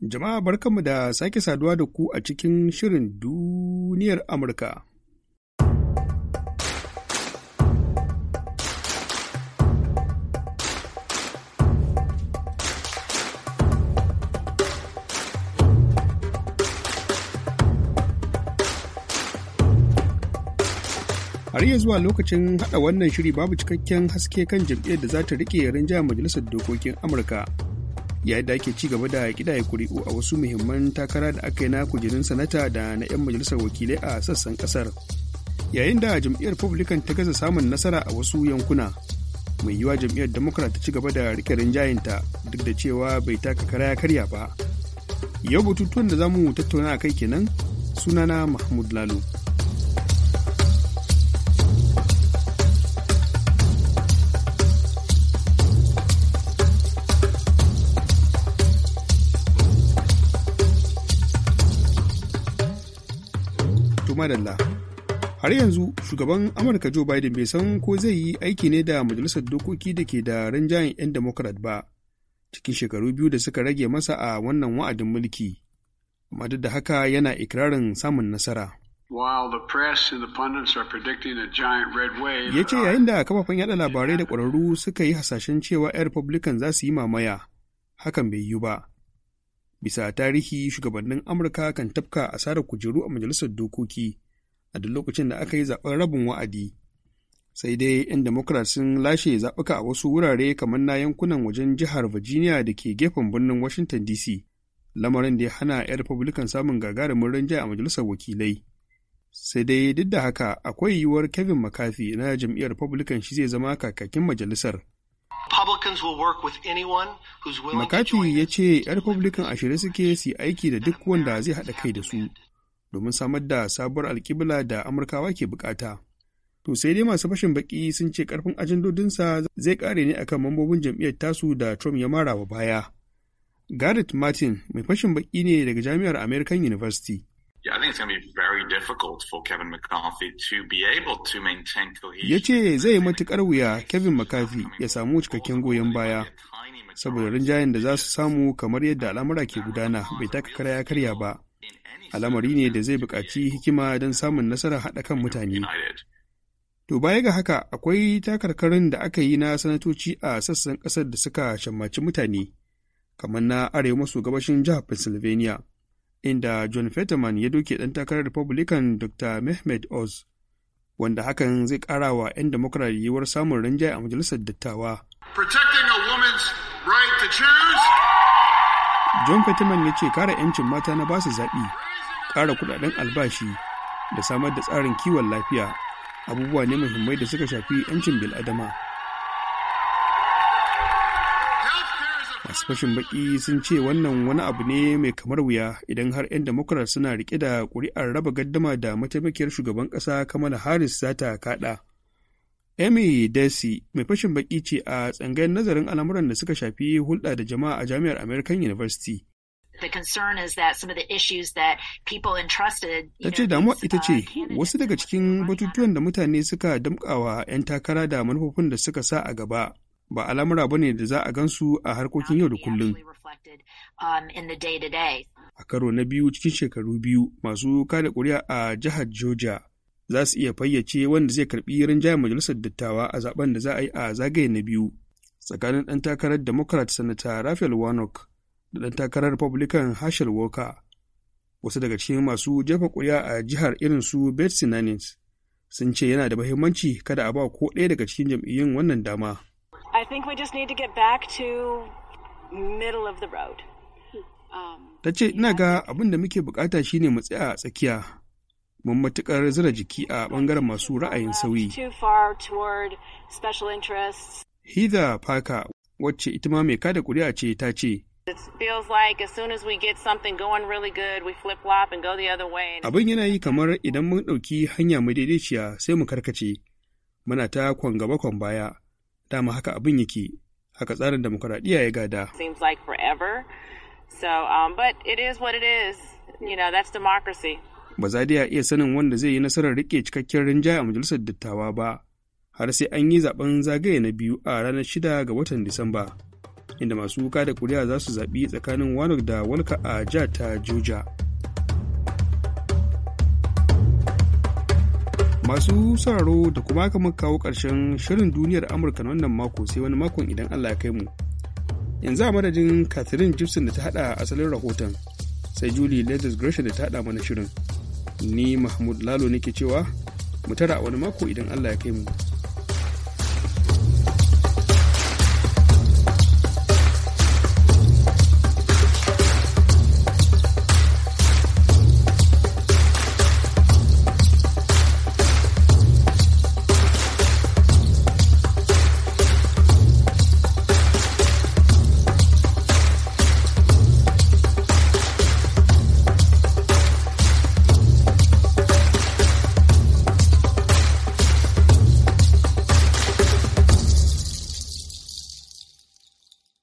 Jama'a barkanmu da sake saduwa da ku a cikin shirin duniyar Amurka. har ya zuwa lokacin hada wannan shiri babu cikakken haske kan jam'iyyar da za ta rike rinjaya majalisar dokokin amurka yayin da ake ci gaba da kidaye kuri'u a wasu muhimman takara da aka yi na kujerun sanata da na 'yan majalisar wakilai a sassan kasar yayin da jam'iyyar republican ta gaza samun nasara a wasu yankuna mai yiwa jam'iyyar democrat ta ci gaba da rike rinjayenta duk da cewa bai taka kara ya karya ba yau batutuwan da za mu tattauna a kai kenan sunana mahmud lalu madalla. Har yanzu shugaban Amurka Joe Biden bai san ko zai yi aiki ne da majalisar dokoki da ke da rinjayen 'yan Democrat ba cikin shekaru biyu da suka rage masa a wannan wa'adin mulki. Amma duk da haka yana ikirarin samun nasara. Ya ce uh, yayin da kafafen yada labarai da kwararru suka yi hasashen cewa 'yan Republican za su yi mamaya, hakan bai yi ba. bisa tarihi shugabannin amurka kan tafka asarar kujeru a majalisar dokoki a duk lokacin da aka yi zaben rabin wa'adi sai dai 'yan democrat sun lashe zaɓuka a wasu wurare kamar na yankunan wajen jihar virginia da ke gefen birnin washington dc lamarin da ya hana 'yan republican samun gagarumin rinjaye a majalisar wakilai sai dai duk da haka akwai yiwuwar kevin mccarthy na jam'iyyar republican shi zai zama kakakin majalisar Makati ya ce 'yan Republican a suke su aiki da duk wanda zai haɗa kai da su domin samar da sabuwar alkibla da Amurkawa ke bukata. To sai dai masu fashin baƙi sun ce ƙarfin ajandodinsa zai ƙare ne akan mambobin jam'iyyar tasu da Trump ya mara wa baya. Garrett Martin mai fashin baƙi ne daga Jami'ar American University. Ya ce zai yi matuƙar wuya Kevin McCarthy ya samu cikakken goyon baya, saboda rinjayen da za su samu kamar yadda al'amura ke gudana bai taka ya karya ba. Al'amari ne da zai buƙaci hikima don samun nasarar haɗa kan mutane. To baya ga haka akwai takarkarin da aka yi na sanatoci a sassan ƙasar da suka shammaci mutane, kamar na arewa maso gabashin jihar Pennsylvania. inda John Fetterman ya doke ɗan takarar Republican Dr. Mehmet Oz, wanda hakan zai ƙara wa 'yan Democrat yiwuwar samun rinjaye a majalisar dattawa. John Fetterman ya ce kare 'yancin mata na basu zaɓi, ƙara kuɗaɗen albashi da samar da tsarin kiwon lafiya abubuwa ne muhimmai da suka shafi 'yancin bil'adama. fashin baki sun ce wannan wani abu ne mai kamar wuya idan har 'yan demokrat suna rike da kuri'ar raba gaddama da mataimakiyar shugaban kasa kamala harris za ta kada amy desi mai fashin baki ce a tsangayen nazarin al'amuran da suka shafi hulɗa da jama'a a jami'ar american university Ta ce damuwa ita ce uh, wasu daga cikin batutuwan da mutane suka damƙawa 'yan takara da manufofin da suka sa a gaba ba al'amura ba ne da za a gansu a harkokin yau da kullum. Um, a karo na biyu cikin shekaru biyu masu kada kuri'a a jihar Georgia za su iya fayyace wanda zai karɓi rinjayen majalisar dattawa a zaben da za a yi a zagaye na biyu tsakanin ɗan takarar Democrat Sanata Raphael Warnock da ɗan takarar Republican Herschel Walker. Wasu daga cikin masu jefa ƙuri'a a jihar irin su Betsy sun ce yana da muhimmanci kada a ba ko ɗaya daga cikin jam'iyyun wannan dama. I think we just need to get back to middle of the road. Um, ta ce, Ina ga abin da muke bukata shine mu tsaya a tsakiya, mun matuƙar zira jiki a ɓangaren masu ra'ayin sauyi. Heather Parker, wacce ita ma mai kada ƙuri'a ce, ta ce, Abin yana yi kamar idan mun ɗauki hanya madaidaiciya sai mu karkace, muna ta kwan gaba kwan baya. dama haka abin yake haka tsarin demokuraɗiyya ya gada ba za da iya sanin wanda zai yi nasarar rike cikakken rinjaye a majalisar dattawa ba har sai an yi zaben zagaye na biyu a ranar shida ga watan disamba inda masu wuka da kuri'a za su zaɓi tsakanin wanok da walka a jihar ta juja. Masu sauraro da kuma aka muka kawo ƙarshen shirin duniyar Amurka na wannan mako sai wani makon idan Allah ya kai mu. Yanzu a madadin Catherine Gibson da ta haɗa asalin rahoton sai Julie ledes Gresham da ta haɗa mana shirin. Ni Mahmud Lalo nake cewa mu tara a wani mako idan Allah ya kai mu.